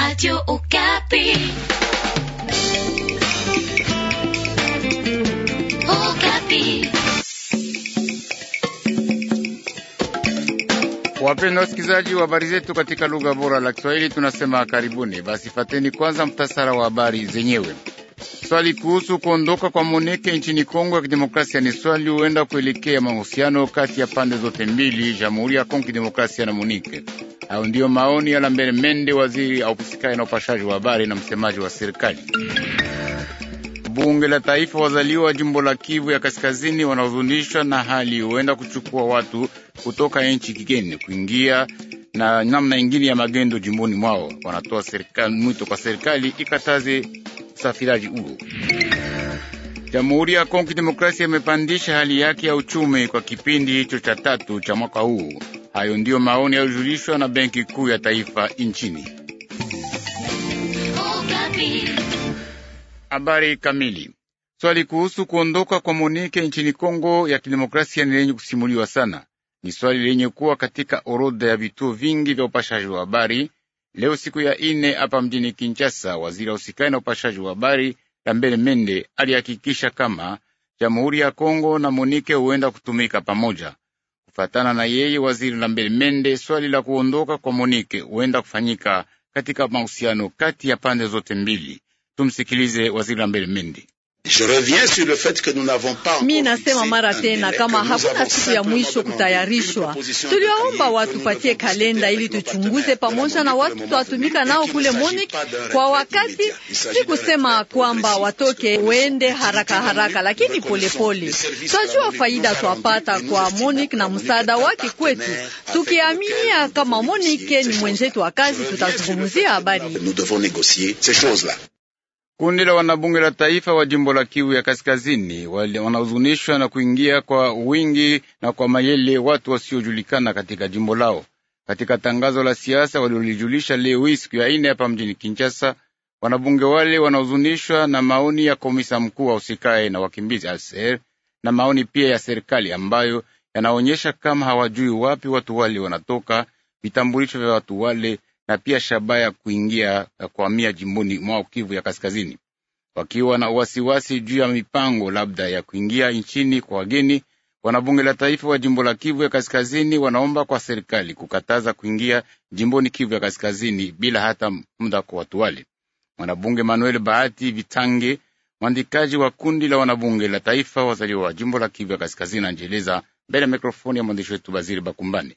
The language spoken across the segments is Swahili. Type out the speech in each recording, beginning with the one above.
Radio Okapi. Okapi. Wapenda wasikilizaji wa habari zetu katika lugha bora la Kiswahili, tunasema karibuni. Basi fateni kwanza mtasara wa habari zenyewe. Swali kuhusu kuondoka kwa Moneke nchini Kongo ya Kidemokrasia ni swali huenda kuelekea mahusiano kati ya pande zote mbili, Jamhuri ya Kongo Kidemokrasia na Monike. Au ndiyo maoni ya Lambert Mende, waziri ausikae na upashaji wa habari na msemaji wa serikali. Bunge la Taifa, wazaliwa wa jimbo la Kivu ya Kaskazini wanaozunishwa na hali huenda kuchukua watu kutoka nchi kigeni kuingia na namna ingine ya magendo jimboni mwao, wanatoa serikali mwito kwa serikali ikataze usafiraji huo. Jamhuri ya Kongo Demokrasia imepandisha hali yake ya uchumi kwa kipindi hicho cha tatu cha mwaka huu Hayo ndiyo maoni yaliyojulishwa na Benki Kuu ya Taifa nchini. Habari kamili. Swali kuhusu kuondoka kwa Monike nchini Kongo ya Kidemokrasia ni lenye kusimuliwa sana. Ni swali lenye kuwa katika orodha ya vituo vingi vya upashaji wa habari leo siku ya ine hapa mjini Kinshasa. Waziri wa usikani na upashaji wa habari Lambele Mende alihakikisha kama Jamhuri ya Kongo na Monike huenda kutumika pamoja. Kufatana na yeye waziri Lambert Mende, swali la kuondoka kwa Monike huenda kufanyika katika mahusiano kati ya pande zote mbili. Tumsikilize waziri Lambert Mende. Je reviens sur le fait que nous n'avons pas encore. Mi nasema mara tena, kama hakuna siku ya mwisho kutayarishwa, tuliwaomba watu patie kalenda ili tuchunguze pamoja na watu twatumika nao kule MONUC kwa wakati. Si kusema kwamba watoke wende haraka haraka, lakini polepole. Twajua faida twapata kwa MONUC na msaada wake kwetu, tukiaminia kama MONUC ni mwenzetu wa kazi, tutazungumzia habari Nous devons négocier ces choses-là. Kundi la wanabunge la taifa wa jimbo la Kivu ya Kaskazini wanahuzunishwa na kuingia kwa wingi na kwa mayele watu wasiojulikana katika jimbo lao. Katika tangazo la siasa waliolijulisha leo hii siku ya ine hapa mjini Kinshasa, wanabunge wale wanahuzunishwa na maoni ya komisa mkuu wa usikae na wakimbizi aser na maoni pia ya serikali ambayo yanaonyesha kama hawajui wapi watu wale wanatoka, vitambulisho vya watu wale na pia shabaha ya kuingia kuhamia jimboni mwa Kivu ya Kaskazini, wakiwa na wasiwasi juu ya mipango labda ya kuingia nchini kwa wageni. Wanabunge la taifa wa jimbo la Kivu ya Kaskazini wanaomba kwa serikali kukataza kuingia jimboni Kivu ya Kaskazini bila hata muda kwa watu wale. Mwanabunge Manuel Bahati Vitange, mwandikaji wa kundi la wanabunge la taifa wazaliwa wa jimbo la Kivu ya Kaskazini, anajieleza mbele ya mikrofoni ya mwandishi wetu Baziri Bakumbani.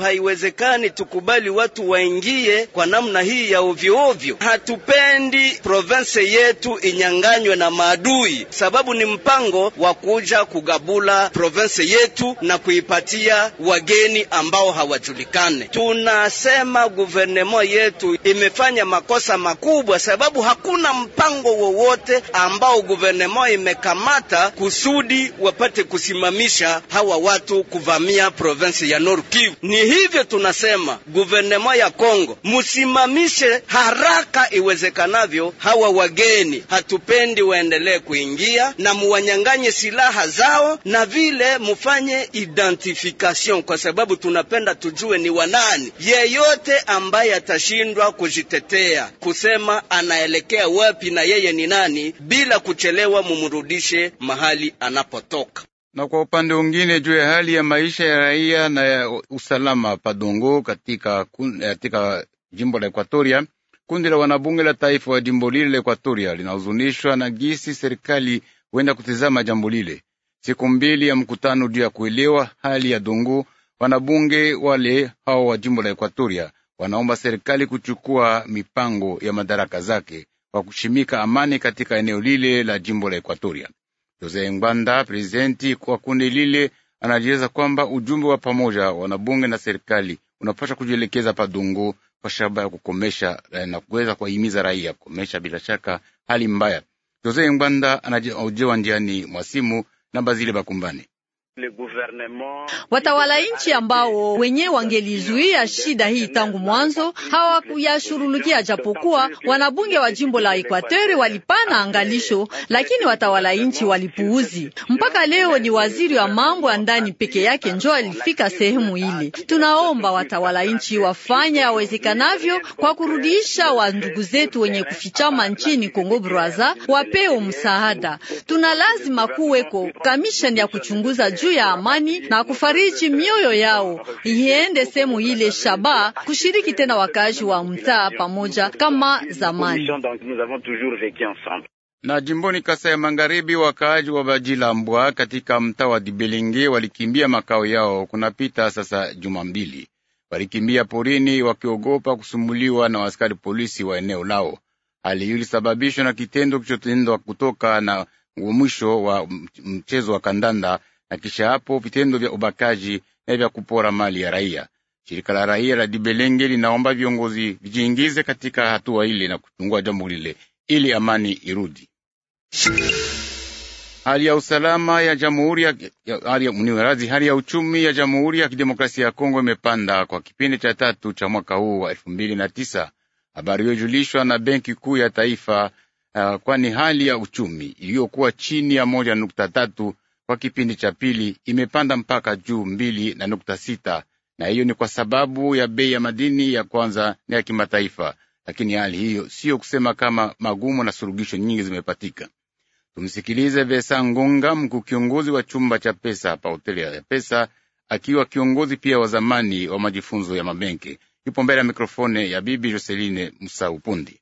Haiwezekani tukubali watu waingie kwa namna hii ya ovyo ovyo. Hatupendi province yetu inyanganywe na maadui, sababu ni mpango wa kuja kugabula province yetu na kuipatia wageni ambao hawajulikane. Tunasema guvernema yetu imefanya makosa makubwa, sababu hakuna mpango wowote ambao guvernema imekamata kusudi wapate kusimamisha hawa watu kuvamia province ya Nord Kivu. Ni hivyo tunasema guvernema ya Kongo, musimamishe haraka iwezekanavyo hawa wageni, hatupendi waendelee kuingia, na muwanyanganye silaha zao, na vile mufanye identification, kwa sababu tunapenda tujue ni wanani. Yeyote ambaye atashindwa kujitetea kusema anaelekea wapi na yeye ni nani, bila kuchelewa, mumrudishe mahali anapotoka na kwa upande mwingine juu ya hali ya maisha ya raia na ya usalama Padongo katika, katika jimbo la Ekuatoria. Kundi la wanabunge la taifa wa jimbo lile la Ekuatoria linahuzunishwa na gisi serikali huenda kutizama jambo lile. Siku mbili ya mkutano juu ya kuelewa hali ya Dongo, wanabunge wale hao wa jimbo la Ekuatoria wanaomba serikali kuchukua mipango ya madaraka zake kwa kushimika amani katika eneo lile la jimbo la Ekuatoria. Jose Ngwanda, prezidenti kwa kundi lile, anajieleza kwamba ujumbe wa pamoja wanabunge na serikali unapasha kujielekeza Padungu kwa shaba ya kukomesha eh, na kuweza kuwahimiza raia kukomesha bila shaka hali mbaya. Jose Ngwanda anaojewa njiani mwasimu na Bazile Bakumbani. Watawala nchi ambao wenye wangelizuia shida hii tangu mwanzo hawakuyashurulukia japokuwa wanabunge wa jimbo la Ekwateri walipana angalisho, lakini watawala nchi walipuuzi. Mpaka leo ni waziri wa mambo ya ndani peke yake njo alifika sehemu ile. Tunaomba watawala nchi wafanye awezekanavyo kwa kurudisha wandugu zetu wenye kufichama nchini Kongo Braza, wapeo msaada. Tuna lazima kuweko kamisheni ya kuchunguza juu ya amani na kufariji mioyo yao, iende sehemu ile shaba kushiriki tena wakazi wa mtaa pamoja kama zamani. Na jimboni Kasai ya Magharibi, wakaaji wa Bajilambwa katika mtaa wa Dibelinge walikimbia makao yao kunapita sasa juma mbili. Walikimbia porini wakiogopa kusumbuliwa na askari polisi wa eneo lao. Hali hiyo ilisababishwa na kitendo kilichotendwa kutoka na mwisho wa mchezo wa kandanda na kisha hapo vitendo vya ubakaji na vya kupora mali ya raia. Shirika la raia la Dibelenge linaomba viongozi vijiingize katika hatua ile na kuchungua jambo lile ili amani irudi. Hali ya usalama ya jamhuri ya, ya, hali, mniwerazi, hali ya uchumi ya Jamhuri ya Kidemokrasia ya Kongo imepanda kwa kipindi cha tatu cha mwaka huu wa elfu mbili na tisa. Habari iliyojulishwa na Benki Kuu ya Taifa, uh, kwani hali ya uchumi iliyokuwa chini ya moja nukta tatu kwa kipindi cha pili imepanda mpaka juu mbili na nukta sita, na hiyo ni kwa sababu ya bei ya madini ya kwanza na ya kimataifa. Lakini hali hiyo siyo kusema kama magumo na surugisho nyingi zimepatika. Tumsikilize Vesa Ngunga, mkuu kiongozi wa chumba cha pesa pa hoteli ya pesa, akiwa kiongozi pia wa zamani wa majifunzo ya mabenki. Yupo mbele ya mikrofone ya bibi Joseline Musaupundi.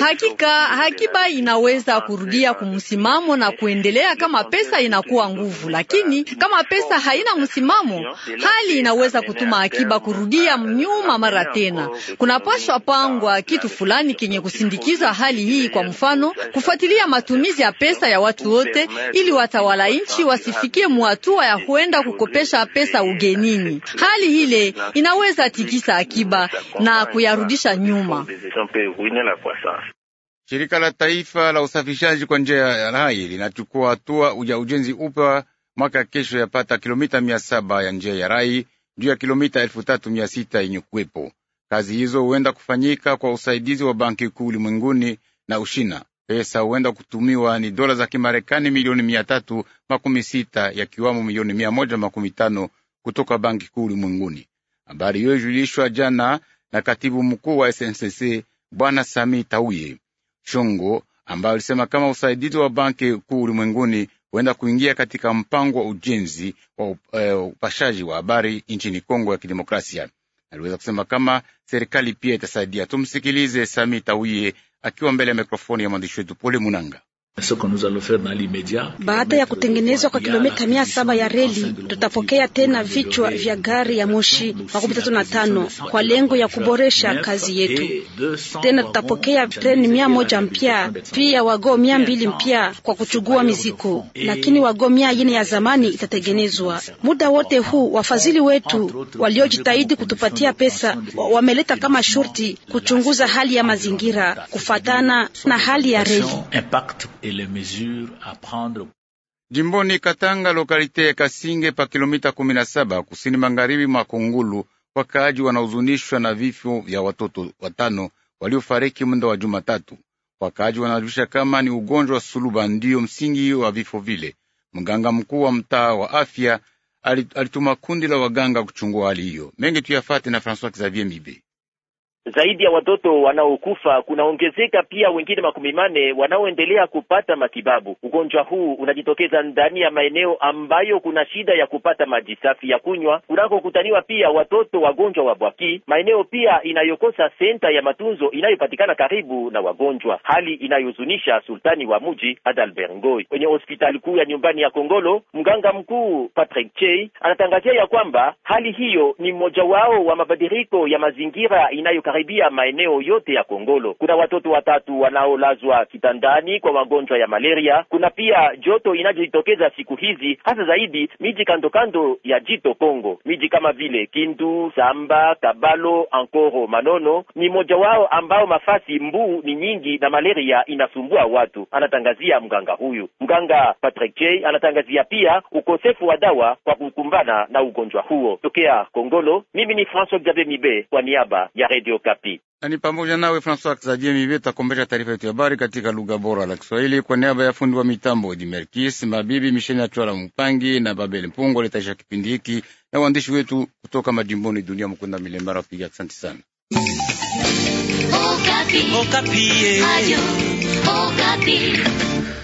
Hakika hakiba inaweza kurudia kumsimamo na kuendelea kama pesa inakuwa nguvu, lakini kama pesa haina msimamo, hali inaweza kutuma akiba kurudia mnyuma mara tena. kunapashwa pangwa kitu fulani kenye kusindikiza hali hii, kwa mfano kufuatilia matumizi ya pesa ya watu wote, ili watawala nchi wasifikie mwatua ya huenda kukopesha pesa ugenini. Hali hile inaweza tikisa akiba na kuyarudisha nyuma. Shirika la taifa la usafishaji kwa njia ya rai linachukua hatua ya ujenzi upya mwaka kesho yapata kilomita mia saba ya njia ya rai juu ya kilomita elfu tatu mia sita yenye kuwepo. Kazi hizo huenda kufanyika kwa usaidizi wa Banki Kuu ulimwenguni na Ushina. Pesa huenda kutumiwa ni dola za Kimarekani milioni mia tatu makumi sita yakiwamo milioni mia moja makumi tano kutoka Banki Kuu ulimwenguni. Habari hiyo ilijulishwa jana na katibu mkuu wa SNCC Bwana Sami Tauye Shongo, ambayo alisema kama usaidizi wa banki kuu ulimwenguni huenda kuingia katika mpango wa ujenzi wa eh, upashaji wa habari nchini Kongo ya Kidemokrasia. Aliweza kusema kama serikali pia itasaidia. Tumsikilize Sami Tauye akiwa mbele ya mikrofoni ya mwandishi wetu Pole Munanga. Baada ya kutengenezwa kwa kilomita mia saba ya reli, tutapokea tena vichwa vya gari ya moshi makumi tatu na tano kwa lengo ya kuboresha kazi yetu. Tena tutapokea treni mia moja mpya pia wago mia mbili mpya kwa kuchugua mizigo, lakini wago mia ine ya zamani itatengenezwa. Muda wote huu wafadhili wetu waliojitahidi kutupatia pesa wameleta kama shurti kuchunguza hali ya mazingira kufatana na hali ya reli et les mesures à prendre. Jimboni Katanga, lokalite ya Kasinge pa kilomita 17 kusini magharibi mwa Kongulu, wakaaji wanahuzunishwa na vifo vya watoto watano waliofariki muda wa Jumatatu. Wakaaji wanajulisha kama ni ugonjwa wa suluba ndiyo msingi wa vifo vile. Mganga mkuu wa mtaa wa afya alituma kundi la waganga kuchungua hali hiyo. Mengi tuyafate na François Xavier Mibe zaidi ya watoto wanaokufa kunaongezeka pia wengine makumi mane wanaoendelea kupata matibabu. Ugonjwa huu unajitokeza ndani ya maeneo ambayo kuna shida ya kupata maji safi ya kunywa, kunakokutaniwa pia watoto wagonjwa wa bwaki, maeneo pia inayokosa senta ya matunzo inayopatikana karibu na wagonjwa, hali inayohuzunisha sultani wa muji Adalbert Ngoi. Kwenye hospitali kuu ya nyumbani ya Kongolo, mganga mkuu Patrick Chey anatangazia ya kwamba hali hiyo ni mmoja wao wa mabadiliko ya mazingira inayo kukaribia maeneo yote ya Kongolo. Kuna watoto watatu wanaolazwa kitandani kwa magonjwa ya malaria. Kuna pia joto inayojitokeza siku hizi, hasa zaidi miji kando kando ya jito Kongo. Miji kama vile Kindu, Samba, Kabalo, Ankoro, Manono ni moja wao ambao mafasi mbu ni nyingi na malaria inasumbua watu, anatangazia mganga huyu. Mganga Patrick J anatangazia pia ukosefu wa dawa kwa kukumbana na ugonjwa huo. Tokea Kongolo, mimi ni François Xavier Mibe kwa niaba ya Radio Radio Ni pamoja nawe François Xavier Mibe takombesha taarifa yetu ya habari katika lugha bora la Kiswahili kwa niaba ya fundi wa mitambo Dimerkis Mabibi Misheni achwala Mupangi na Babel Mpungo litaisha kipindi hiki na waandishi wetu kutoka majimboni Dunia Mkunda Milembara wapiga. Asante sana Okapi. Okapi. Eh.